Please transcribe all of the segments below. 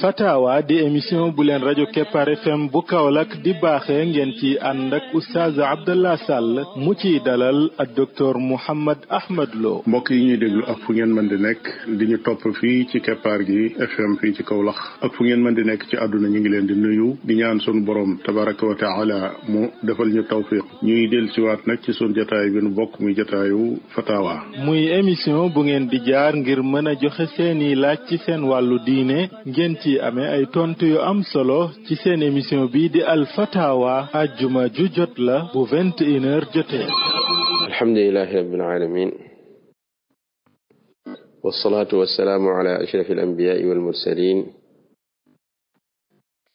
fatawa di émission bu leen rajo Keppaar FM bu Kaolack di baaxee ngeen ci ànd ak oustaz Abdallah Sall mu ciy dalal ak docteur Mouhammad Ahmad loo mbokk yi ñuy déglu ak fu ngeen mën di nekk di ñu topp fii ci Keppaar gi FM fii ci Kaolack ak fu ngeen mën di nekk ci àdduna ñu ngi leen di nuyu di ñaan sunu borom tabaraka wa taala mu defal ñu tawfiq ñuy del siwaat nag ci sunu jotaay bi nu bokk muy jotaayu fatawa muy émission bu ngeen di jaar ngir mën a joxe seeni laaj ci seen wàllu diine ngeen ci amee ay tontu yu am solo ci seen émission bi di al fatawa ajjuma ju jot la bu vingt et une heures jotee alhamdulilahi rabbil alamin wasalaatu wasalaamu ala ashraf al anbiyaai wal mursalin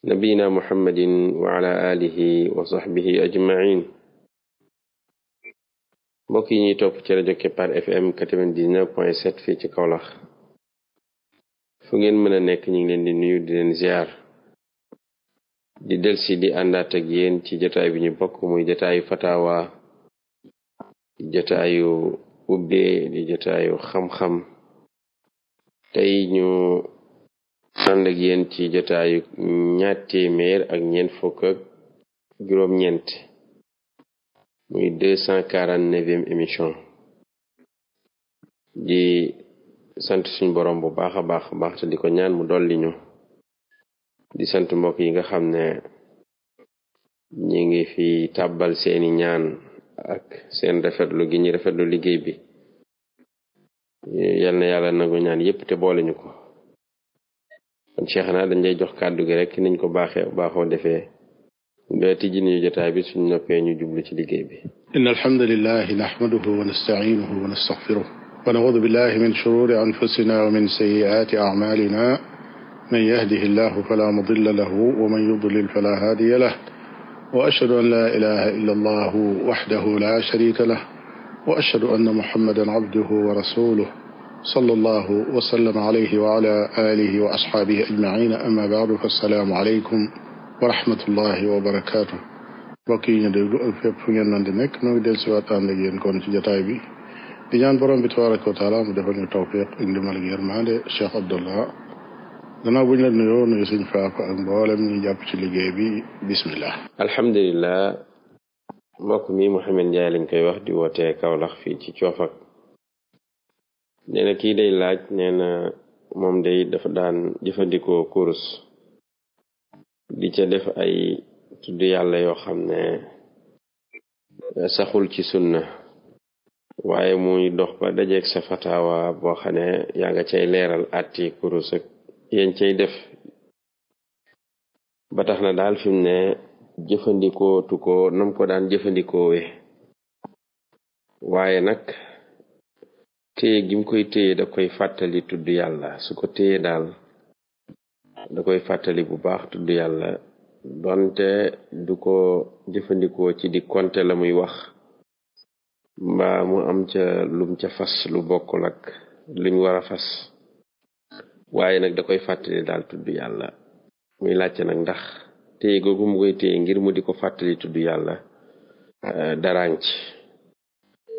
nabiyina muhammadin wa ala alihi wa sahbihi ajmain mbokk yi ñuy topp ci rajo Kepar FM 99 point 7 fii ci Kaolack fu ngeen mën a nekk ñu ngi leen di nuyu di leen ziar di delsi di àndaat ak yéen ci jataay bi ñu bokk muy jataayu fatawa di jataayu ubbee di xam-xam tey ñu ànd ak yéen ci jataayu ñaar téeméer ak ñeent fukk ak juróom-ñeent muy deux cent quarante-neuvième émission di sant suñ borom bu baax a baax baax te di ko ñaan mu dolli ñu di sant mbokk yi nga xam ne ñi ngi fi tàbbal seeni ñaan ak seen rafetlu gi ñu rafetlu liggéey bi yal na yàlla nangu ñaan yépp te boole ñu ko kon Cheikh naa dañ lay jox kàddu gi rek niñ ko baaxee baaxoo defee ba tijji ñu jotaay bi suñ noppee ñu jublu ci liggéey bi inna alhamdulillahi nahmaduhu wa nasta'inuhu wa nastaghfiruh ونعوذ بالله من شرور أنفسنا ومن سيئات أعمالنا من يهده الله فلا مضل له ومن يضلل فلا هادي له وأشهد أن لا إله إلا الله وحده لا شريك له وأشهد أن محمدا عبده ورسوله صلى الله وسلم عليه وعلى آله وأصحابه أجمعين أما بعد فالسلام عليكم ورحمة الله وبركاته mbokk yi ñu déglu ak fépp fu ngeen mën di nekk noo ngi dellusiwaat ànd ak yéen kon ci jataay bi di ñaan borom bi tabaraka wa taala mu defal ñu tawfiq ak ndimbal ak yërmande Cheikh Abdallah buñ la nuyoo nuyu suñ faako ak mboolem ñu jàpp ci liggéey bi bismillah alhamdulilah mbokk mi Mouhamed Ndiaye lañ koy wax di wootee Kaolack fii ci coofak nee kii day laaj nee moom day def daan jëfandikoo kurus di ca def ay tudd yàlla yoo xam ne saxul ci sunna waaye muy dox ba dajeeg sa fatawa boo xam ne yaa nga cey leeral atti kurus ak yéen cay def ba tax na daal fi ne jëfandikoo tu ko nam ko daan jëfandikoowe waaye nag téye gim koy téye da koy fàttali tudd yàlla su ko téye daal da koy fàttali bu baax tudd yàlla donte du ko jëfandikoo ci di konte la muy wax mbaa mu am ca lum ca fas lu bokkul ak luñ war a fas waaye nag da koy fàttali daal tudd yàlla muy laajte nag ndax téye googu mu koy téye ngir mu di ko fàttali tudd yàlla eh, daraañ ci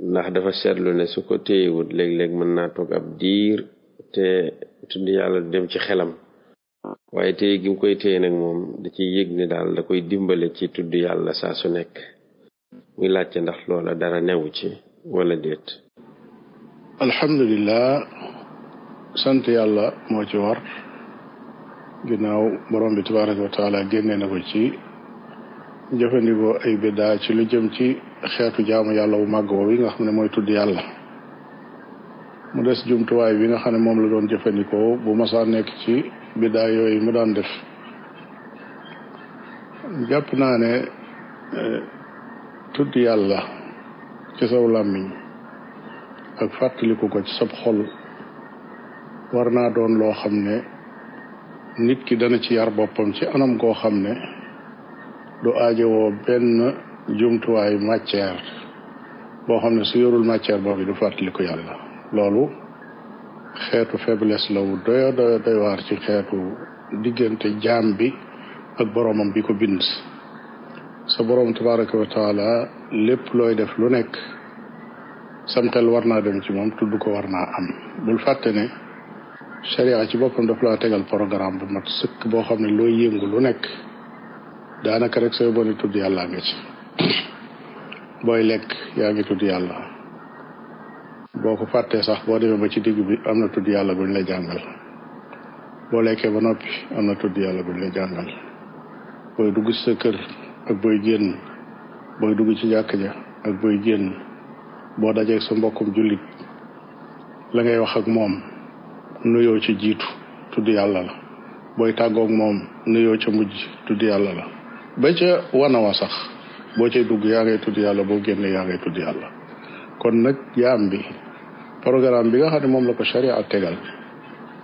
ndax dafa seetlu ne su ko téyewut léeg-léeg mën naa toog ab diir te tudd yàlla dem ci xelam waaye téye gi mu koy téye nag moom da ci yëg ne daal da koy dimbale ci tudd yàlla saa su nekk muy laajte ndax loola dara newu ci wala déet alhamdulillah sant yàlla moo ci war ginnaaw borom bi tabaraka wa taala génne na ko ci jëfandikoo ay biddaa ci lu jëm ci xeetu jaamu yàlla wu màgg woowu yi nga xam ne mooy tudd yàlla mu des jumtuwaay bi nga xam ne moom la doon jëfandikoo bu masaa nekk ci biddaa yooyu mu daan def jàpp naa ne eh, tudd yàlla ci saw làmmiñ ak fàttaliku ko ci sab xol war naa doon loo xam ne nit ki dana ci yar boppam ci anam koo xam ne du aajowoo benn jumtuwaayu matière boo xam ne su yorul matière boobu du fàttaliku yàlla loolu xeetu faiblesse la wu doyo doyo ci xeetu diggante jaam bi ak boroomam bi ko bind sa boroom tabaraka wa taala lépp looy def lu nekk samtel war naa dem ci moom tudd ko war naa am bul fàtte ne sharia ci boppam daf laa tegal programme bu mat sëkk boo xam ne looy yëngu lu nekk daanaka rek sooy bone tudd yàlla nga ci booy lekk yaa ngi tudd yàlla boo ko fàttee sax boo demee ba ci digg bi am na tudd yàlla guñ la jàngal boo lekkee ba noppi am na tudd yàlla guñ la jàngal booy dugg sa kër ak booy génn booy dugg ci jàkk ja ak booy génn boo dajeeg sa mbokkum jullit la ngay wax ak moom nuyoo ci jiitu tudd yàlla la booy tàggook moom nuyoo ca mujj tudd yàlla la ba ca wana wa sax boo cay dugg yaa ngay tudd yàlla boo génne yaa ngay tudd yàlla kon nag jaam bi programme bi nga xam ne moom la ko ak tegal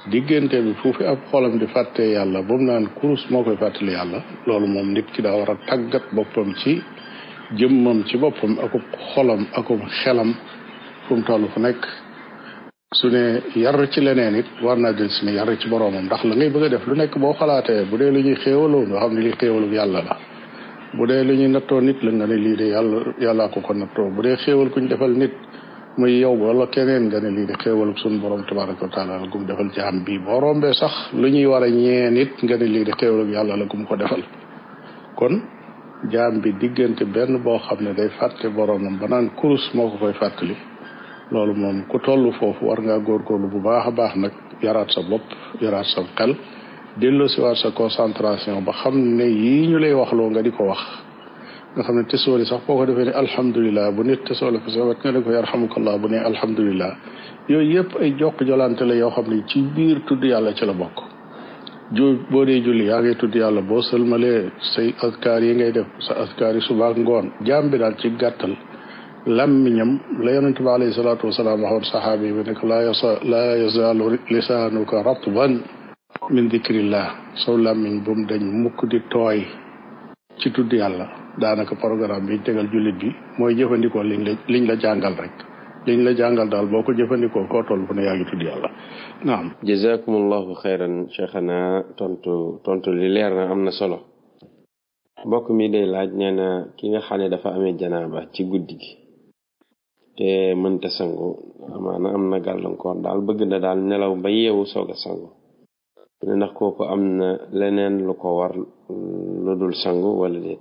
diggante bi fu fi ab xolam di fàtte yàlla ba mu naan kurus moo koy fàttali yàlla loolu moom nit ki daa war a tàggat boppam ci jëmmam ci boppam akub xolam akub xelam fu mu toll fu nekk su ne yar ci leneen it war naa del su ne yar ci boroomam ndax la ngay bëgg a def lu nekk boo xalaatee bu dee lu ñuy xéewaloon nga xam ne li xéewalu yàlla la bu dee lu ñuy nattoo nit la nga ne lii de yàlla yàllaa ko ko nattoo bu dee xéewal kuñ defal nit muy yow wala keneen nga ne lii de xéewalug suñu borom tabaraka wa taala la gum defal jaam bi boo rombee sax lu ñuy war a ñeen it nga ne lii de xéewalug yàlla la gum ko defal kon jaam bi diggante benn boo xam ne day fàtte boromam ba naan kurus moo ko koy fàttali loolu moom ku toll foofu war ngaa góorgóorlu bu baax a baax nag yaraat sa bopp yaraat sa xel delloo si waat sa concentration ba xam ne yi ñu lay wax waxloo nga di ko wax nga xam ne tesooli sax boo ko defee ne alhamdulilah bu nit tesooli ko sax nga ne ko yarhamukallah bu ne alhamdulilah yooyu yëpp ay jokk jolante la yoo xam ne ci biir tudd yàlla ci la bokk ju boo dee julli yaa ngay tudd yàlla boo sëlmalee say askar yi ngay def sa askar yi subaak ngoon jaam bi daal ci gàttal làmmiñam la yonent bi alayhi salaatu wasalaam waxoon saxaabi yi bi ne ko laa yasa laa yazaalu lisaanuka làmmiñ bu mu dañ mukk di tooy ci tudd yàlla daanaka programme bi tegal jullit bi mooy jëfandikoo liñ la liñ la jàngal rek liñ la jàngal daal boo ko jëfandikoo koo toll fu ne yaa ngi tudd yàlla naam. jazakumullahu xayran cheikhana tontu tontu li leer na am na solo. mbokk mi day laaj nee ki nga xam ne dafa amee janaaba ci guddi gi te mënta sangu amaana am na gàllankoor daal bëgg na daal nelaw ba yeewu soog a sangu. ne ndax kooku leneen lu ko war lu dul sangu nañ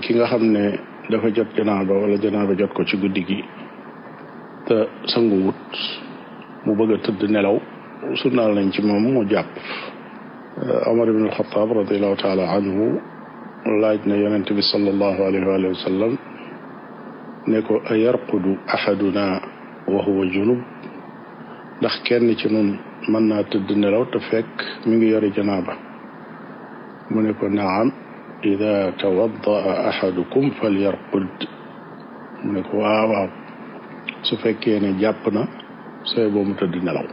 ki nga xam ne dafa jot janaaba wala janaaba jot ko ci guddi gi te sangu wut mu bëgg a tëdd nelaw sunnaal nañ ci moom mu jàpp uh, Omar ibn alxataab radiallahu taala anhu laaj na yonente bi sallallahu la waalihi wa sallam ne ko wa huwa junub kenn ci mën naa tëdd nelaw te fekk mi ngi yore janaaba mu ne ko naam ida tawaddaa ahadukum falyarqud mu ne ko waaw waaw su fekkee ne jàpp na sooy boo mu tëdd nelaw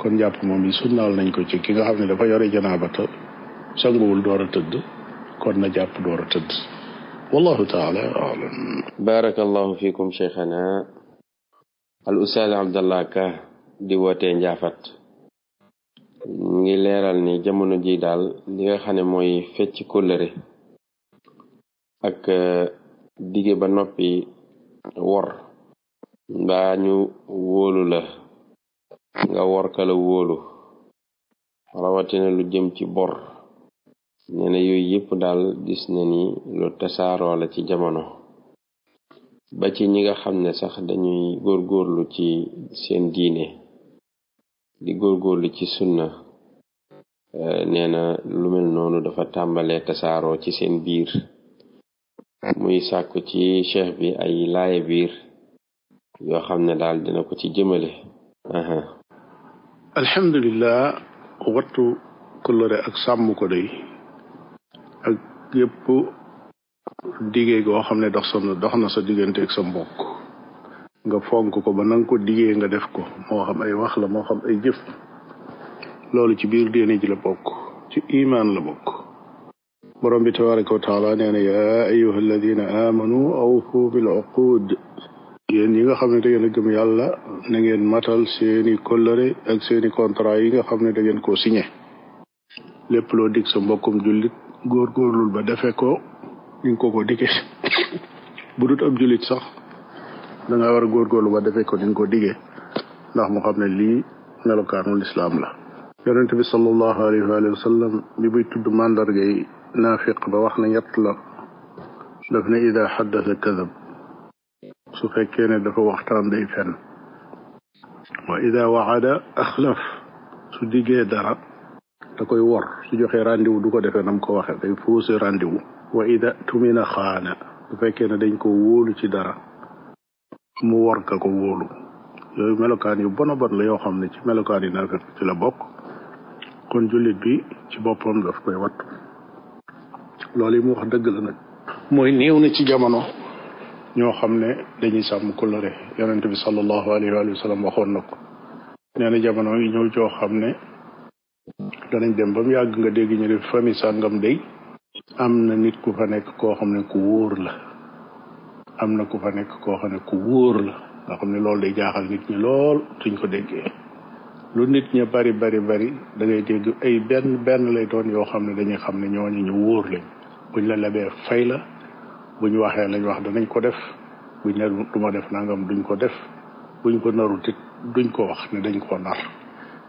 kon jàpp moom yi sunnaal nañ ko ci ki nga xam ne dafa yore janaaba te sanguwul door a tëdd kon na jàpp tëdd wallahu taala alam barakallahu fikum cheikhana al abdallah ka di wootee njaafat mu ngi leeral ni jamono ji daal li nga xam ne mooy fecc kóllëre ak euh, dige ba noppi wor mbaa ñu wóolu la nga wor kala wóolu rawatina lu jëm ci bor nee na yooyu yëpp daal gis na ni lu tasaaroo la ci jamono ba ci ñi nga xam ne sax dañuy góorgóorlu ci seen diine di góorgóorlu ci sunna eh, nee na lu mel noonu dafa tàmbale tasaaroo ci seen biir muy sàkku ci cheikh bi ay laaye biir yoo xam ne daal dina ko ci jëmale alhamdulilah wattu kullore ak sàmm ko day ak yépp digee goo xam ne dox sa dox na sa diggante sa mbokk nga fonk ko ba na nga ko digee nga def ko moo xam ay wax la moo xam ay jëf loolu ci biir diine ji la bokk ci imaan la bokk borom bi tabaraka wa taala nee na yaa ayuha alladina amanu awfu bil uqud yéen yi nga xam ne da ngeen a yàlla na ngeen matal seeni kollëre ak seeni contrat yi nga xam ne da ngeen koo lépp loo dig sa mbokkum jullit góorgóorlul ba defe ko ñu ko ko diggee bu ab jullit sax da war a góorgóorlu ba defee ko ni nga ko diggee ndax mu xam ne lii melokaanu lislaam la yonente bi sallallahu alayhi wa sallam bi tudd mandarga yi naafiq ba wax na ñett la daf ne ida xaddasa kadab su fekkee ne dafa waxtaan day fen wa ida waxada axlaf su diggee dara da koy wor su joxe rendez-vous du ko defee nam ko waxee day fausse rendez-vous wa ida tumina xaana su fekkee ne dañ ko wóolu ci dara mu war ka ko wóolu yooyu melokaan yu bon a la yoo xam ne ci melokaan yi naafeq ci la bokk kon jullit bi ci boppam daf koy wattu loolu yi mu wax dëgg la nag mooy néew na ci jamono ñoo xam ne dañuy sàmm kóllëre yonent bi sallallahu alayhi wa sallam waxoon na ko nee na jamono yi ñëw joo xam ne danañ dem ba mu yàgg nga dégg ñu ne famille sàngam day am na nit ku fa nekk koo xam ne ku wóor la am na ku fa nekk koo xam ne ku wóor la nga xam ne loolu day jaaxal nit ñi lool suñ ko déggee lu nit ñi bari bari bari da ngay dégg ay benn benn lay doon yoo xam ne dañuy xam ne ñooñu ñu wóor lañ buñ la lebee fay la buñ waxee lañ wax danañ ko def buñ ne du ma def nangam duñ ko def buñ ko narut it duñ ko wax ne dañ koo nar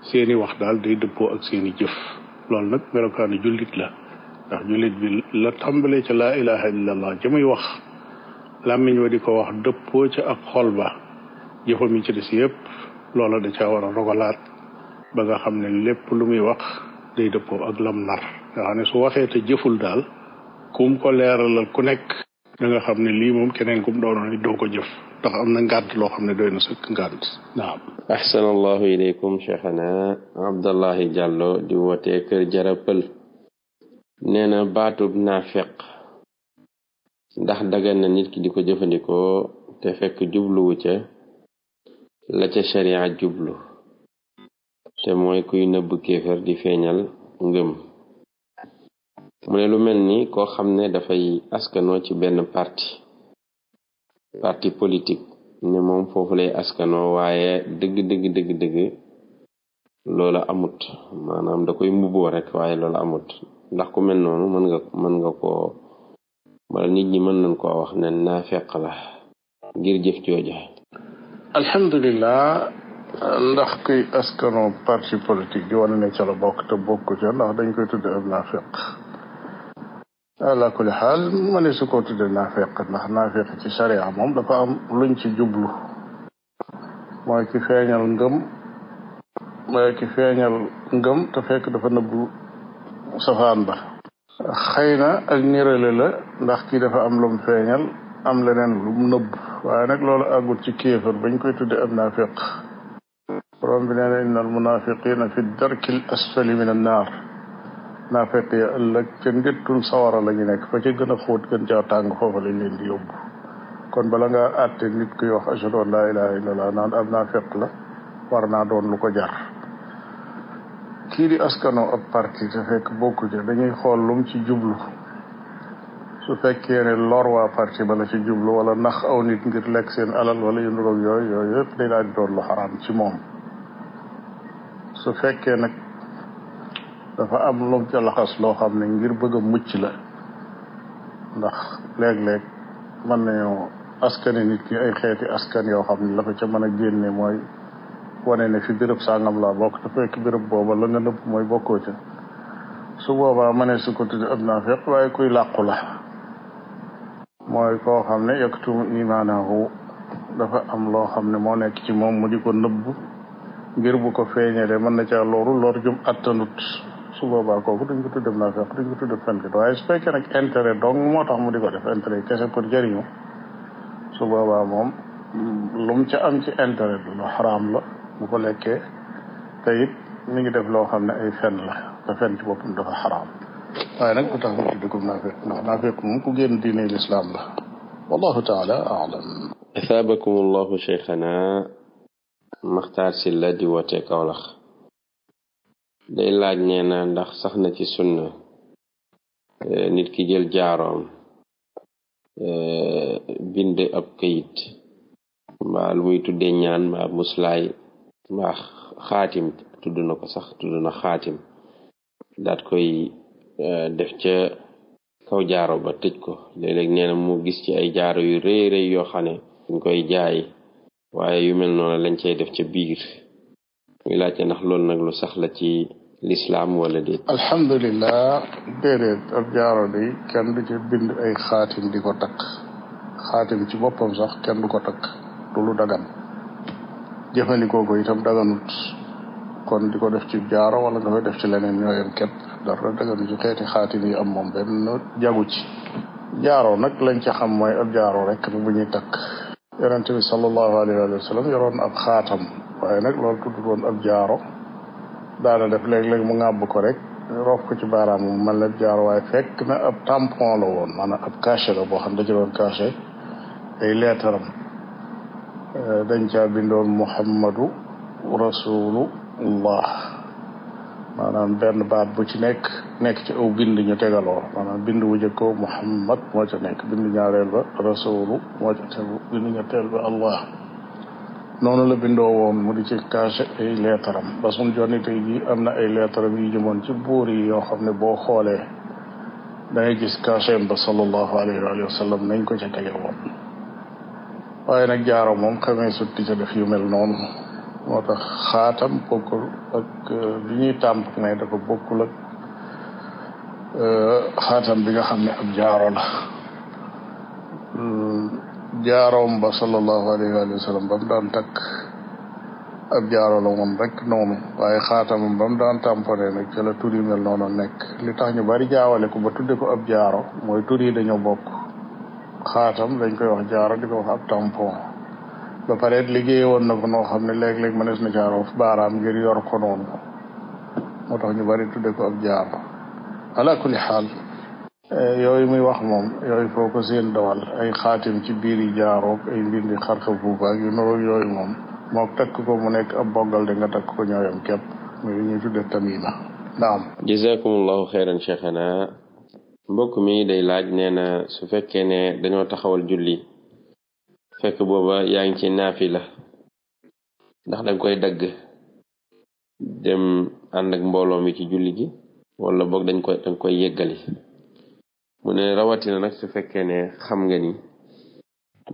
seeni wax daal day dëppoo ak seeni jëf loolu nag melokaanu jullit la ndax jullit bi la tàmbalee ca laa ilaha illallah ja muy wax làmmiñ wa di ko wax dëppoo ca ak xol ba jëfam yi ci des yépp loola da ca war a rogalaat ba nga xam ne lépp lu muy wax day dëppoo ak lam nar nga xam ne su waxee te jëful daal kum ko leeralal ku nekk da nga xam ne lii moom keneen kum doonoon doo ko jëf ndax am na ngànt loo xam ne doy na sëkk ngànt naam ahsanallahu ilaykum cheikhana abdallahi jàllo di wootee kër jarapël nee na baatub naafiq ndax dagan na nit ki di ko jëfandikoo te fekk jubluwu ca la ca sharia jublu te mooy kuy nëbb kéefër di feeñal ngëm mu ne lu mel ni koo xam ne dafay askanoo ci benn parti parti politique ne moom foofu lay askanoo waaye dëgg dëgg dëgg dëgg loola amut maanaam da koy mbubboo rek waaye loola amut ndax ku mel noonu mën nga mën nga ko wala nit ñi mën nañ koo wax ne naafeq la ngir jëf jooja alhamdulilah ndax kuy askano parti politique di wane ne te bokk ca ndax dañ koy tudde ab naafeq ala kulli xaal ma ne ko tudde naafeq naafeq ci sharia moom dafa am luñ ci jublu mooy ki feeñal ngëm mooy ki feeñal ngëm te dafa nëbbu safaan ba xëy na ak nirale la ndax kii dafa am lum feeñal am leneen lum nëbb waaye nag loolu àggut ci kéefër bañ koy tudde ab naafiq borom bi nee na inna al munafiqina fi darki l asfali min an naar naafiq ya ëllëg ca ndettul la ñu nekk fa ca gën a xóot gën caa tàng foofa lañ leen di yóbbu kon bala nga àtte nit kuy wax ashhadu an laa ilaha illallah naan ab naafiq la war naa doon lu ko jar kii di askano ab parti te fekk bokku ca dañuy xool lum ci jublu su fekkee ne lor waa parti ba la ci jublu wala ndax aw nit ngir lekk seen alal wala yu nuroog yooyu yooyu yëpp day daal di doon lu xaraam ci moom su fekkee nag dafa am lum ca laxas loo xam ne ngir bëgg a mucc la ndax léeg-léeg mën nañoo askane nit ki ay xeeti askan yoo xam ne la ko ca mën a génne mooy wane ne fi béréb sàngam laa bokk te fekk béréb booba la nga nëbb mooy bokkoo ca su boobaa ma ne su ko tudde na naafiq waaye kuy làqu la mooy koo xam ne yaktumu imaanahu dafa am loo xam ne moo nekk ci moom mu di ko nëbb ngir bu ko feeñale mën na caa looru lor jum attanut su boobaa kooku duñ ko tuddee naafeq duñ ko tuddee fenkat waaye su fekkee nag intérêt dong moo tax mu di ko def intérêt kese pour moom lu mu ca am ci intérêt du lu la bu ko lekkee te it ngi def loo xam ne ay fen la te fen ci boppam dafa xaraam waaye nag bu tax ñu tudd ko naafeq ndax naafeq moom ku génn diine lislaam la wallahu taala alam asaabakum allahu cheikhana maxtaar si la kawlax day laaj nee ndax sax na ci sunna e, nit ki jël jaaroom e, bind ab kayit mbaa lu muy tuddee ñaan mbaa muslaay ma xaatim tudd na ko sax tudd na xaatim daat koy eh, def ca kaw jaaro ba tëj ko léeg-léeg nee mu gis ci ay jaaro yu rëy rëy yoo xam ne dañ koy jaay waaye yu mel noonu lañ cay def ca biir muy laajte ndax loolu nag lu sax la ci lislaam wala déet alhamdulilah déedéet ab jaaro de kenn du ci bind ay xaatim di ko takk xaatim ci boppam sax kenn du ko takk lu dagan jëfandikoo ko itam daganut kon di ko def ci jaaro wala nga koy def ci leneen ñoo yem képp dara daganu ci xeeti xaatim yi am moom benn jagu ci jaaro nag lañ ca xam mooy ab jaaro rek bi bu ñuy takk yonente bi sallallahu alayhi wa sallam yoroon ab xaatam waaye nag loolu tuddut woon ab jaaro daana def léeg-léeg mu ŋàbb ko rek roof ko ci baaraam mu mel jaaro waaye fekk na ab tampon la woon maanaam ab cachet la boo xam ne da ci doon cachet ay leetaram Eh, dañ caa bindoon muhammadu rasulullah maanaam benn baat bu ci nekk nekk ci aw bind ñu tegaloo maanaam bind bu jëkkoo muhammad moo ci nekk bind ñaareel ba rasulu moo allah noonu la bindoo woon mu di ci caché ay leetaram ba suñ jonni tey am na ay leetaram yu jëmoon ci buur yi yoo xam ne boo xoolee da ngay gis cachem ba sallallahu alayhi wa sallam nañ ko ca tege waaye nag jaaro moom xamee sut ti ca def noonu moo tax xaatam bokkul ak euh, bi ñuy tàmp ne dafa bokkul ak euh, xaatam bi nga xam ne ab jaaro la hmm, jaaroom ba sallallahu alayhi wa sallam ba mu daan takk ab jaaro la moon rek noonu waaye xaatamam ba mu daan tamponné nag ca la tur yi mel noonu nekk li tax ñu bari jaawale ko ba tudde ko ab jaaro mooy tur yi dañoo bokk xaatam lañ koy wax jaaro di ko wax ab tampon ba pare liggéey woon na ko noo xam ne léeg-léeg mënees na jaaroof baaraam ngir yor ko noonu moo tax ñu bari tudde ko ab jaar ala kulli xaal eh, yooyu muy wax moom yooyu foo ko seen dawal ay xaatim ci biir yi jaaroog ay mbindi xarka buubaak yu noroog yooyu moom moo takk ko mu nekk ab boggal de nga takk ko ñooyam képp muy li ñuy tudde tamima naam jazakumullahu xeyran cheikhana mbokk mi day laaj nee na su fekkee ne dañoo taxawal julli fekk booba yaa ngi ci naafila ndax danga koy dagg dem ànd ak mbooloo mi ci julli gi wala boog dañ koy dañ koy yeggali mu ne rawatina nag su fekkee ne xam nga ni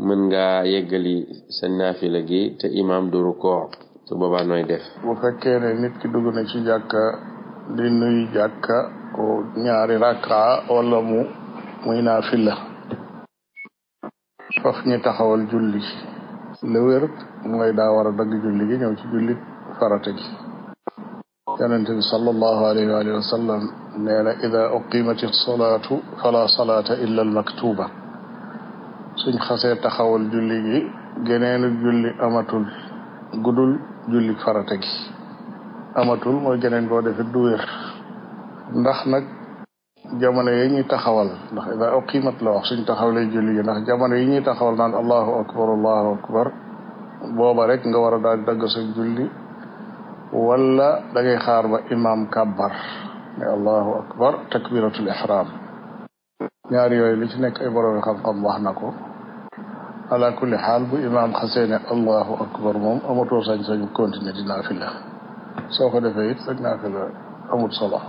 mën nga yeggali sa naafila gi te imaam du rukkoo su boobaa nooy def bu fekkee ne nit ki dugg na ci jàkka di nuy jàkka ko ñaari rakka wala mu muy naafila faf ñi taxawal julli le wér mooy daa war a dagg julli gi ñëw ci julli farata gi yonente bi sallallahu alayhi wa alihi wa sallam nee na ida salaatu fala salaata illa al maktuba suñ xasee taxawal julli gi geneenu julli amatul gudul julli farata gi amatul mooy geneen koo defit du ndax nag jamono yi ñuy taxawal ndax ida uqimat la wax suñ taxawalee julli yi ndax jamono yi ñuy taxawal naan allahu akbar allahu akbar booba rek nga war a daal dagg sa julli wala da ngay xaar ba imam kabbar ne allahu akbar takbiratul ihram ñaar yooyu li ci nekk ay na ko ala bu imam xasee ne allahu akbar moom amatoo sañ-sañu continuer dinaa fi la soo ko defee it sag naa ko la amul solo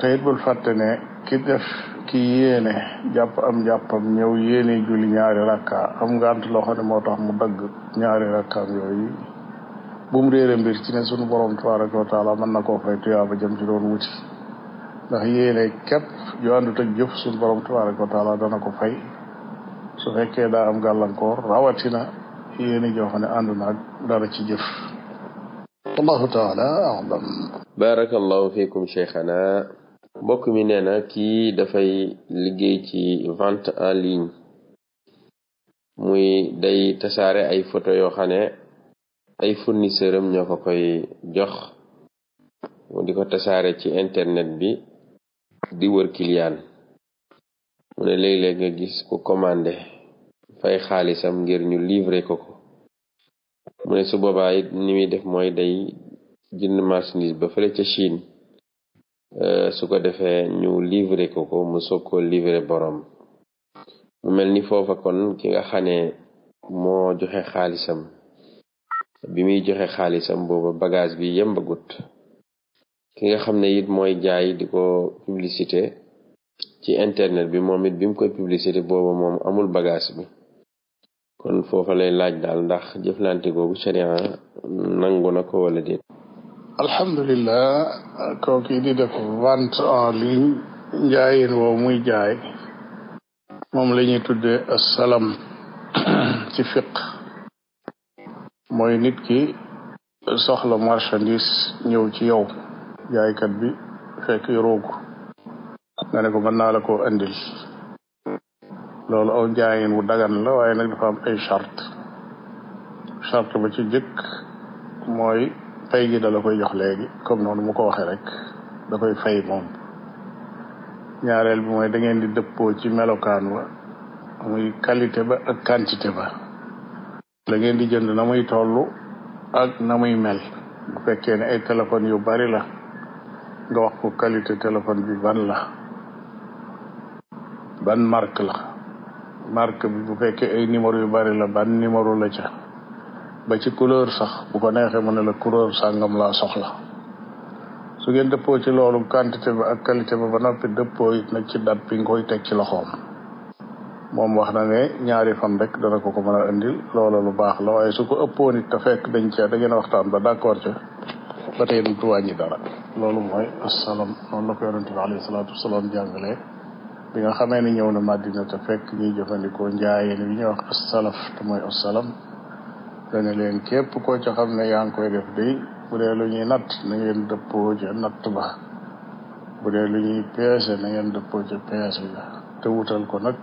te it bul fàtte ne ki def kii yéene jàpp am jàppam ñëw yéene julli ñaari rakka am ngànt loo xam ne moo tax mu dagg ñaari rakkaam yooyu bu mu réere mbir ci ne sunu borom tabaraka wa taala mën na koo fay tuyaaba jëm ci doon wuti ndax yéene képp yu àndut ak jëf sunu borom tabaraka wa taala dana ko fay su fekkee daa am gàllankoor rawatina yéene joo xam ne ànd na dara ci jëf wallahu taala alam barakallahu fiikum cheikhana mbokk mi nee na kii dafay liggéey ci vente en ligne muy day tasaare ay photo yoo xam ne ay fournisseur am ñoo koy jox mu di ko tasaare ci internet bi di wër client mu ne nga gis ku commandé fay xaalisam ngir ñu livrer ko ko mu ne su boobaa it ni muy def mooy day jënd marchandise ba fële ca Chine euh, su ko defee ñu livrer ko ko mu soog ko livrer borom mu mel ni foofa kon ki nga xam moo joxe xaalisam bi muy joxe xaalisam booba bagage bi yembagut ki nga xam ne it mooy jaay di ko publicité ci internet bi moom it bi mu koy publicité booba moom amul bagage bi kon foofa lay laaj daal ndax jëflante googu sharia nangu na ko wala déet alhamdulilah kooki di def vente en ligne njaayin woo muy jaay moom lañuy ñuy tuddee assalam ci fiq mooy nit ki soxla marchandise ñëw ci yow jaaykat bi fekk yoroogu nga ne ko mën naa la ko andil loolu aw njaayeen wu dagan la waaye nag dafa am ay charte charte ba ci jëkk mooy fay gi da la koy jox léegi comme noonu mu ko waxee rek da koy fay moom ñaareel bi mooy da ngeen di dëppoo ci melokaan wa muy qualité ba ak quantité ba la ngeen di jënd na muy toll ak na muy mel bu fekkee ne ay téléphone yu bari la nga wax ko qualité téléphone bi ban la ban mark la marque bi bu fekkee ay numéro yu bari la ban numéro la ca ba ci couleur sax bu ko neexee mu ne la couleur sàngam laa soxla su ngeen dëppoo ci loolu quantité ba ak qualité ba ba noppi dëppoo it nag ci date bi koy teg ci loxoom moom wax na ne ñaari fan rek dana ko ko mën a indil loola lu baax la waaye su ko ëppoo it te fekk dañ cee da ngeen waxtaan ba d'accord ca ba tey du wàññi dara loolu mooy asalaam noonu la ko yonente bi alayhi salaatu wasalaam jàngalee bi nga xamee ne ñëw na Madina te fekk ñuy jëfandikoo njaayeen bi ñuy wax salaf te mooy assalam dana leen képp koo ca xam ne yaa ngi koy def day bu dee lu ñuy natt na ngeen dëppoo ca natt ba bu dee lu ñuy peese na ngeen dëppoo ca peese ba te wutal ko nag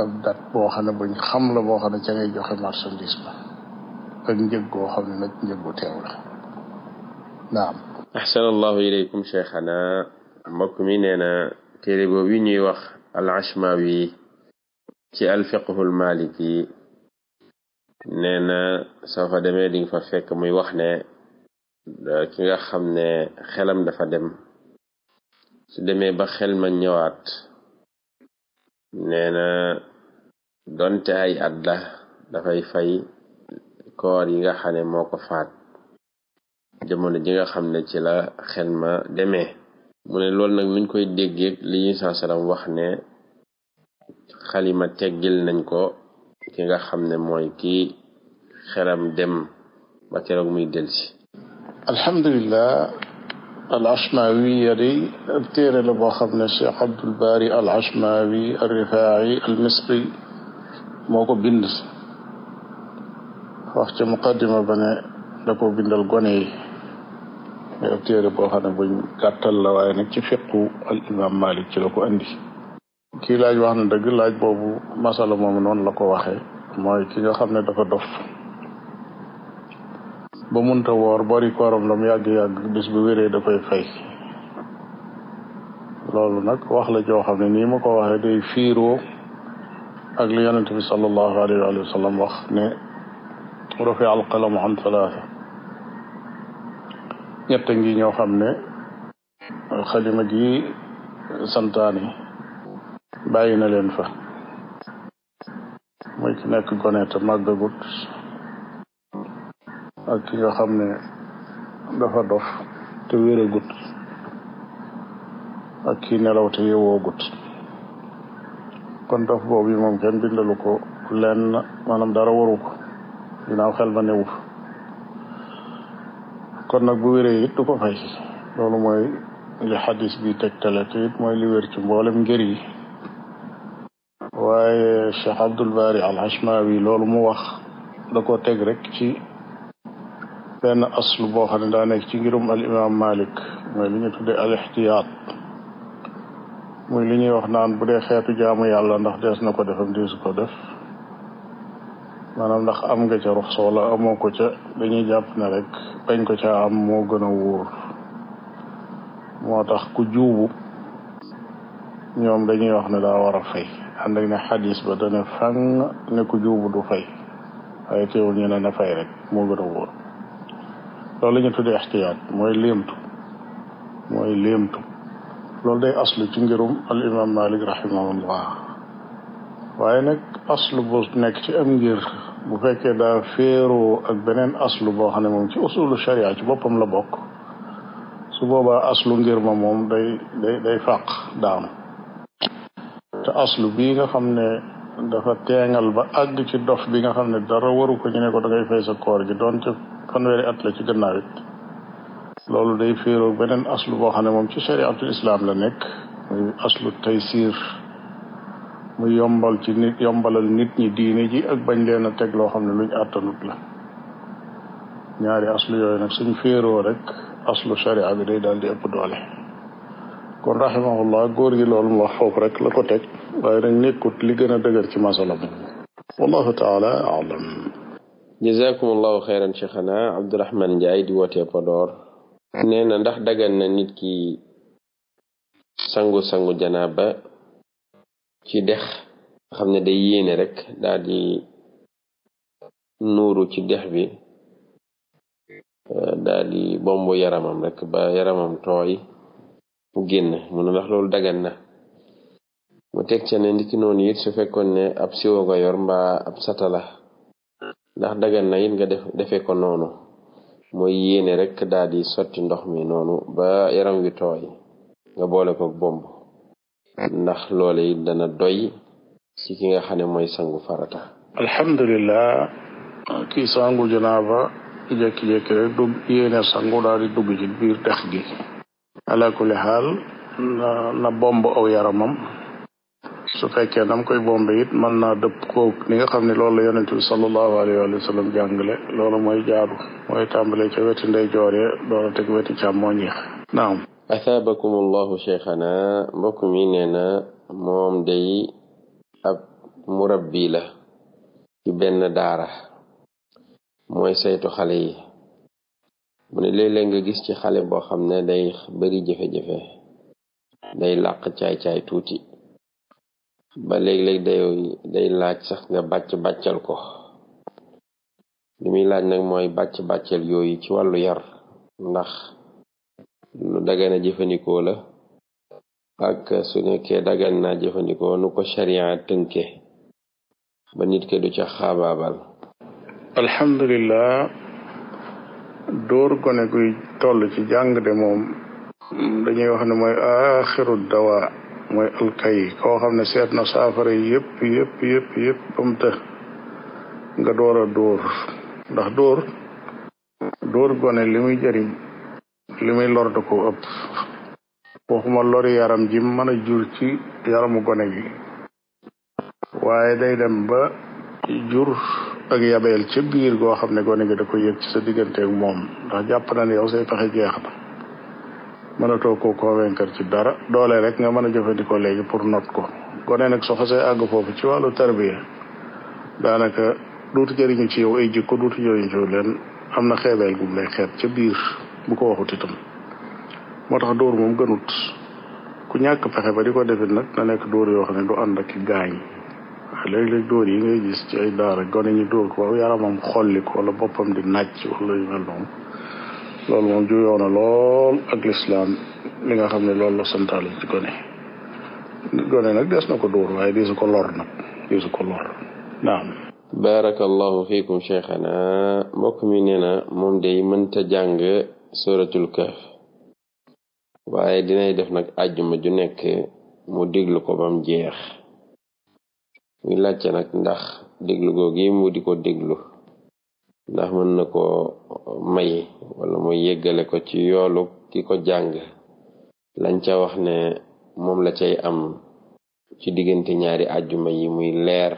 ab dat boo xam ne buñ xam la boo xam ne ca ngay joxe marchandise ba ak njëg goo xam ne nag njëg bu teew la naam ahsanallahu ilaykum cheikhana mbokk mi nee na téere boobu ñuy wax al ashmawi ci al fiqhul maliki nee na soo fa demee dinga fa fekk muy wax ne euh, ki nga xam ne xelam dafa dem su demee ba xel ma ñëwaat nee na donte ay at la dafay fay koor yi nga xam ne moo ko faat jamono ji nga xam ne ci la xel ma demee mu ne loolu nag nuñ koy déggeeg li Isa salaam wax ne xalima teggil nañ ko ki nga xam ne mooy kii xelam dem ba keroog muy delsi alhamdulilah al ashmawi yadi ab téere la boo xam ne cheikh abdul bari al ashmawi al rifaayi al misri moo ko bind wax ca ba ne da ko bindal gone yi day ab téere boo xam ne buñ gàttal la waaye nag ci fiqu al imam malik ci la ko andi kii laaj wax ne dëgg laaj boobu masala moom noonu la ko waxee mooy ki nga xam ne dafa dof ba munta woor bari kooram lam yàgg-yàgg bis bu wéree da koy fay loolu nag wax la joo xam ne nii ma ko waxee day fiiroo ak li yonente bi sallallahu alayhi wa sallam wax ne rafi al qalam an ñett ngi ñoo xam ne xalima gi santaani bàyyi na leen fa muy ki nekk gone te gut ak ki nga xam ne dafa dof te wéragut ak ki nelaw te yewoogut kon dof boobu yi moom kenn bindalu ko lenn maanaam dara waru ko ginnaaw xel ma newu kon nag bu wéree it du ko fay loolu mooy li xadis bi tegtale te mooy li wér ci mboolem ngër yi waaye Cheikh Abdul Bari al Ashmawi loolu mu wax da ko teg rek ci benn aslu boo xam ne daa nekk ci ngirum al imam Malik mooy li ñu tuddee al ixtiyaat muy li ñuy wax naan bu de xeetu jaamu yàlla ndax dees na ko defam deesu ko def maanaam ndax am nga ca ruxsa wala amoo ko ca dañuy jàpp ne rek bañ ko ca am moo gën a wóor moo tax ku juubu ñoom dañuy wax ne daa war a fay ànd ak ne xadis ba dana fang ne ku juubu du fay waaye teewul ñu na fay rek moo gën a wóor loolu la ñu tuddee ixtiyaat mooy léemtu mooy léemtu loolu day aslu ci ngirum al imam malik rahimahullah waaye nag aslu bu nekk ci am ngir bu fekkee daa féeroo ak beneen aslu boo xam ne moom ci usulu sharia ci boppam la bokk su boobaa aslu ngir ma moom day day day fàq daanu te aslu bii nga xam ne dafa teengal ba agg ci dof bi nga xam ne dara waru ko ñu ne ko da ngay fay sa koor gi doonte fanweeri at la ci gannaaw loolu day féeroo beneen aslu boo xam ne moom ci shariatul islam la nekk muy aslu taysir mu yombal ci nit yombalal nit ñi diine ji ak bañ leen a teg loo xam ne luñ àttanut la ñaari aslu yooyu nag suñ féeroo rek aslu sharia bi day daal di ëpp doole kon rahimahullah góor gi loolu wax foofu rek la ko teg waaye nag nekkut li gën a dëgër ci masala bi wallahu taala alam jazakumullahu xeyran cheikhana abdourahman ndiaye di wootee Podor nee ndax dagan na nit ki sangu-sangu janaaba ci dex xam ne day yéene rek daal di nuuru ci dex bi euh, daal di bombo yaramam rek ba yaramam tooy mu génn mu ne ndax loolu dagan na mu teg ca ne ndiki noonu it su fekkoon ne ab siwo nga yor mbaa ab satala ndax dagan na it nga def ko noonu mooy yéene rek daal sotti ndox mi noonu ba yaram wi tooy nga boole ko bomb ndax loole it dana doy ci ki nga xam ne mooy sangu farata alhamdulilah ah, kii sangu janaaba jékki-jékki rek du yéene sangu daal di dugg ci biir dex gi ala kulli xaal na na bomb aw yaramam su fekkee nam koy bombe it mën naa dëpp koo ni nga xam ne loolu la yonent bi sallallahu alayhi wa sallam jàngale loolu mooy jaaru moy tàmbale ca weti ndeyjoor ya doora teg weti càmmooñ ya naam athaabakumullahu cheikhana mbokk mi nee na moom day ab murabbi la ci benn daara mooy saytu xale yi mu ne léeg-léeg nga gis ci xale boo xam ne day bari jafe-jafe day làq caay-caay tuuti ba léeg-léeg day laaj sax nga bàcc-bàccal ko li muy laaj nag mooy bàcc-bàccal yooyu ci wàllu yar ndax lu dagana jëfandikoo la ak su nekkee dagan naa jëfandikoo nu ko sharia tënke ba nit ke du ca xaabaabal alhamdulillah dóor gone guy toll ci jàng de moom dañuy wax ne mooy axiru dawa mooy alkay koo xam ne seet na saafara yëpp yëpp yëpp yëpp bamu nga door dóor ndax dóor gone li muy jëriñ li muy lor da ko ëpp waxuma lori yaram ji mën a jur ci yaramu gone gi waaye day dem ba jur ak yabeel ca biir goo xam ne gone gi da ko yëg ci sa diggante ak moom ndax jàpp na ne yow say pexe jeex na mënatoo ko convaincre ci dara doole rek nga mën a jëfandikoo léegi pour not ko gone nag soo xasee àgg foofu ci wàllu tarbiya daanaka duutu jëriñu ci yow ay jikko duutu jëriñu ci yow leen am na xeebeel gum lay xeet ca biir bu ko waxut itam moo tax dóor moom gënut ku ñàkk pexe ba di ko defit nag na nekk dóor yoo xam ne du ànd ak gaañ ndax léeg-léeg dóor yi ngay gis ci ay daara gone ñu dóor ko waaw yaramam xolli ko boppam di nàcc wala yu mel moom juyoo na lool ak lislaam li nga xam ne loolu la santaale ci gone gone nag des na ko dóor waaye deesu ko lor nag deesu ko lor naam barakallahu fiikum cheikhana mbokk mi nee na moom day mënta jàng suratul kahf waaye dinay def nag àjjuma ju nekk mu diglu ko bam jeex muy laajte nag ndax diglu googi mu di ko diglu ndax mën na ko may wala mu yëggale ko ci yoolu ki ko jàng lañ ca wax ne moom la cay am ci diggante ñaari àjjuma yi muy leer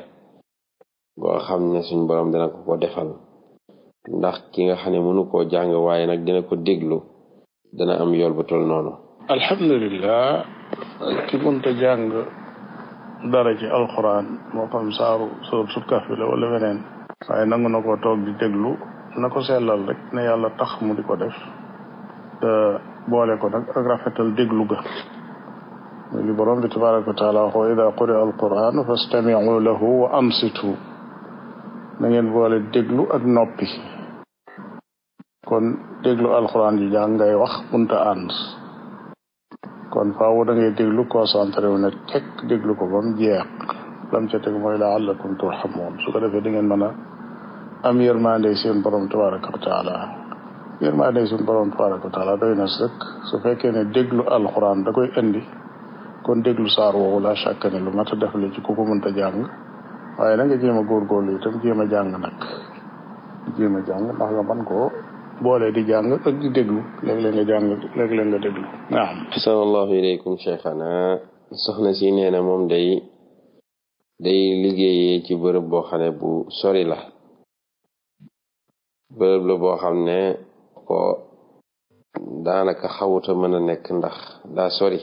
boo xam ne suñ boroom dana ko ko defal ndax ki nga xam ne mënu koo jàng waaye nag dina ko déglu dana am yool bu tol noonu alhamdulillah ki mënta jàng dara ci alquran moo xam saaru sóob su kaf la wala weneen waaye nangu na koo toog di déglu na ko sellal rek ne yàlla tax mu di ko def te boole ko nag ak rafetal déglu ga li borom bi tabaraka wa taala waxoo ida quri alquran fastamiu lahu wa ansitu na ngeen boole déglu ak noppi kon déglu alxuraan yu jàng ngay wax munta ànd kon faaw da ngay déglu concentré wu ne déglu ko ba mu la lam teg mooy la turhamuun su ko defee di ngeen mën a am yërmande seen borom tabaraka wa taala yërmande seen borom tabaraka wa taala doy na sëkk déglu alxuraan da koy indi kon déglu saar woowu la chàkk ne lu mat a def le ci ku ko mënta jàng waaye na nga jéem a góorgóorlu itam a jàng nag jéem a jàng ndax man ko boole di jàng ak di déglu léeg-léeg nga jàng léeg-léeg nga déglu naam asalaamu aleykum cheikhana soxna si nee na moom day day liggéeyee ci bërëb boo xam ne bu sori la bërëb la boo xam ne ko daanaka xawuta mën a nekk ndax daa sori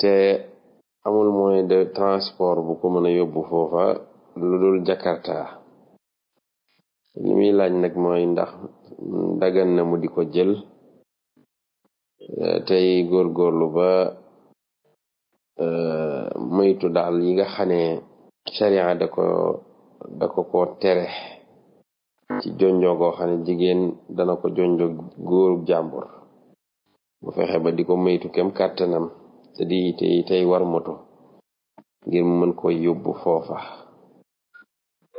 te amul moyen de transport bu ko mën a yóbbu foofa lu dul Jakarta li muy laaj nag mooy ndax dagan na mu di ko jël eh, tey góorgóorlu ba eh, moytu daal yi nga xam ne sharia da ko da ko ko tere ci jonjoo goo xam ne jigéen dana ko jonjo góoru bu fexe ba di ko moytu kem kàttanam te di tey tey war moto ngir mu mën ko yóbbu foofa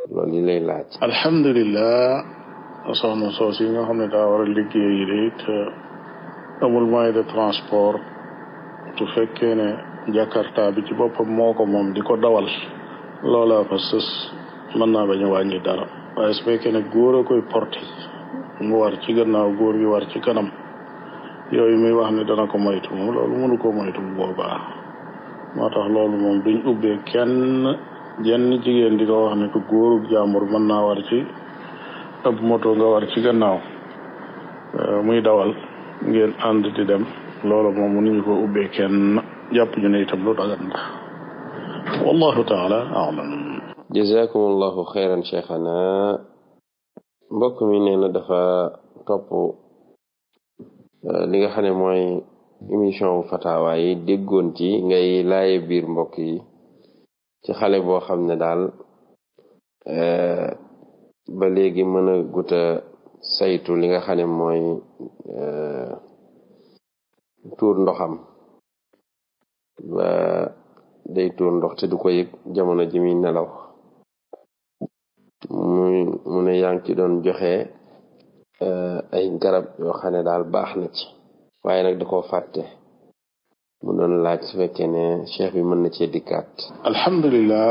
loolu yi lay laaj. alhamdulilah soxna soos yi nga xam ne daa waral a liggéey yi te amul moyen de transport su fekkee ne jakarta bi ci boppam moo ko moom di ko dawal loolaa fa sës mën naa bañ a wàññi dara waaye su fekkee ne góor a koy porté mu war ci gannaaw góor gi war ci kanam yooyu muy wax ne dana ko moytu moom loolu mënu ko moytu bu boobaa moo tax loolu moom duñ ubbee kenn jenn jigéen di ko wax tu ko góorub jàmbur mën naa war ci ab moto nga war ci gannaaw euh, muy dawal ngeen ànd di dem loolo moom mënuñu ko ubbee kenn jàpp ñu ne itam lu dagan la wallahu taala alam jazakum allahu xeyran cheikhana mbokk mi nee na dafa topp euh, li nga xam mooy émission wu fatawa yi déggoon ci ngay laaye biir mbokk yi ci xale boo xam ne daal euh, ba léegi mën a guta saytu li nga xam ne mooy euh, tuur ndoxam ba day tuur ndox te du ko yëg jamono jimi nelaw muy mu ne yaa ngi ci doon joxe euh, ay garab yoo xam ne daal baax na ci waaye nag da ko fàtte mu doon laaj su fekkee ne cheikh bi mën na cee dikkaat. alhamdulilah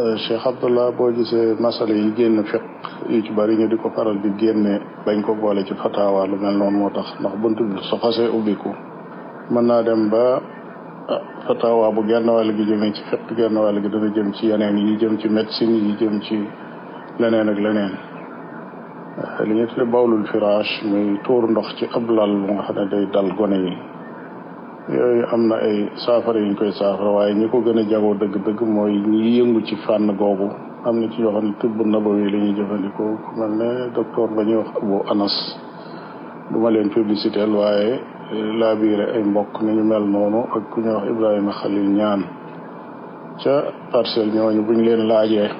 euh, cheikh Abdallah boo gisee masala yi génn fiq yu ci bari ñu di ko faral di génne bañ ko boole ci fatawa lu mel noonu moo tax ndax buntu bi su ubbiku mën naa dem ba euh, fatawa bu genn wàll gi jëmee ci fiq genn wàll gi dana jëm ci yeneen yi jëm ci médecine yi jëm ci leneen ak leneen euh, li ñu tuddee bawlul firaash muy tuur ndox ci ab lal bu xam ne day dal gone yi yooyu am na ay saafara yu ñu koy saafara waaye ñi ko gën a jagoo dëgg-dëgg mooy ñi yëngu ci fànn googu am na ci yoo xam ne tibb nabawi la ñuy jëfandikoo ku mel ne docteur ba ñuy wax Abu Anas du ma leen publicité waaye eh, laa biire ay mbokk ni ñu mel noonu ak ku ñuy wax Ibrahima Khalil ñaan ca parcelle ñooñu buñ leen laajee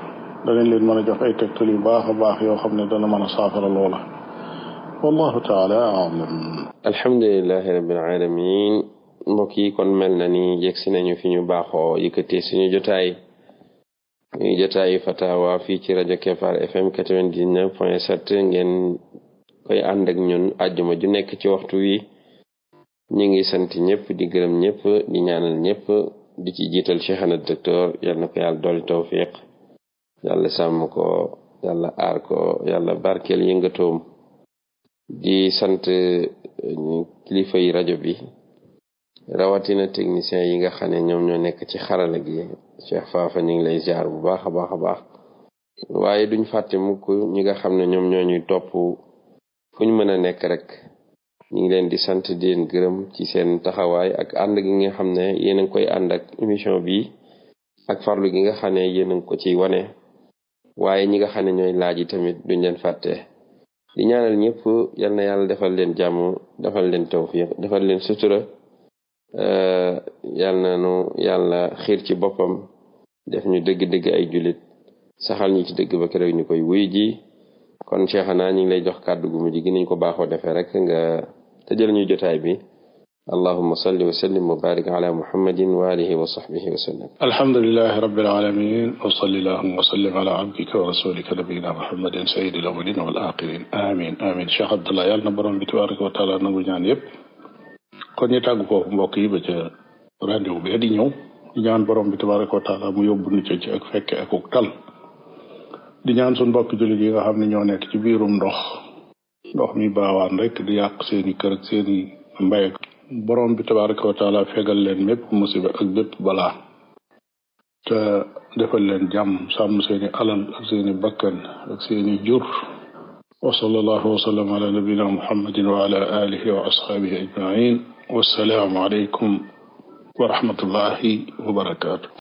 danañ leen mën a jox ay tegtal yu baax a baax yoo xam ne dana mën a saafara loola wallahu taala alam alhamdulilahi rabbil alamin mbokk yi kon mel na ni yegsi nañu fi ñu baaxoo yëkkatee suñu jotaay ñuy jotaayu fatawa fii ci rajo Kefar FM 99 point 7 ngeen koy ànd ak ñun àjjuma ju nekk ci waxtu wi ñu ngi sant ñëpp di gërëm ñëpp di ñaanal ñëpp di ci jiital cheikhana docteur yal na ko yàlla dolli tawfiq yàlla sàmm ko yàlla aar yëngatoom di sant eh, kilifa rajo bi rawatina technicien yi nga xam ne ñoom ñoo nekk ci xarala gi Cheikh Fafa ñu ngi lay ziar bu baax a baax a baax waaye duñ fàtte mukk ñi nga xam ne ñoom ñoo ñuy topp fu ñu mën a nekk rek ñu ngi leen di sant di leen ci seen taxawaay ak ànd gi nga xam ne yéen a koy ànd ak émission bi ak farlu gi nga xam ne yéen a ngi ko ci wane waaye ñi nga xam ne ñooy laaj yi tamit duñ leen fàtte di ñaanal ñëpp yal na yàlla defal leen jàmm defal leen tawfiq defal leen sutura. Eh, yàlla nu yàlla xiir ci boppam def ñu dëgg-dëgg ay julit saxal ñu ci dëgg ba keroog ñu koy wuy ji kon Cheikhana ñu ngi lay jox kàddu gu mujj gi niñ ko baaxoo defee rek nga tëjal ñu jotaay bi allahuma salli wa sallim wa barik ala muhammadin wa alihi wa sahbihi wa sallam alhamdulilah rabbil alamin wa salli allahuma wa sallim ala abdika wa amin amin Cheikh Abdallah yàlla na borom bi tabaraka wa taala nangu ñaan yëpp kon ñu ko mbokk yi ba ca rendez-vous di ñëw di ñaan borom bi tabaraka wa taala mu yóbbu nu ci ak fekke akuk tal di ñaan suñ mbokk jullit yi nga xam ne ñoo nekk ci biirum ndox ndox mi baawaan rek di yàq seeni kër ak seeni mbay borom bi tabaraka wa taala fegal leen mépp musiba ak bépp balaa te defal leen jàmm sàmm seeni alal ak seeni bakkan ak seeni jur wa sallallahu wa sallam ala nabina muhammadin wa ala alihi wa ashabihi ajmain wasalaamu aleykum wa rahmatullahi wa barakaatu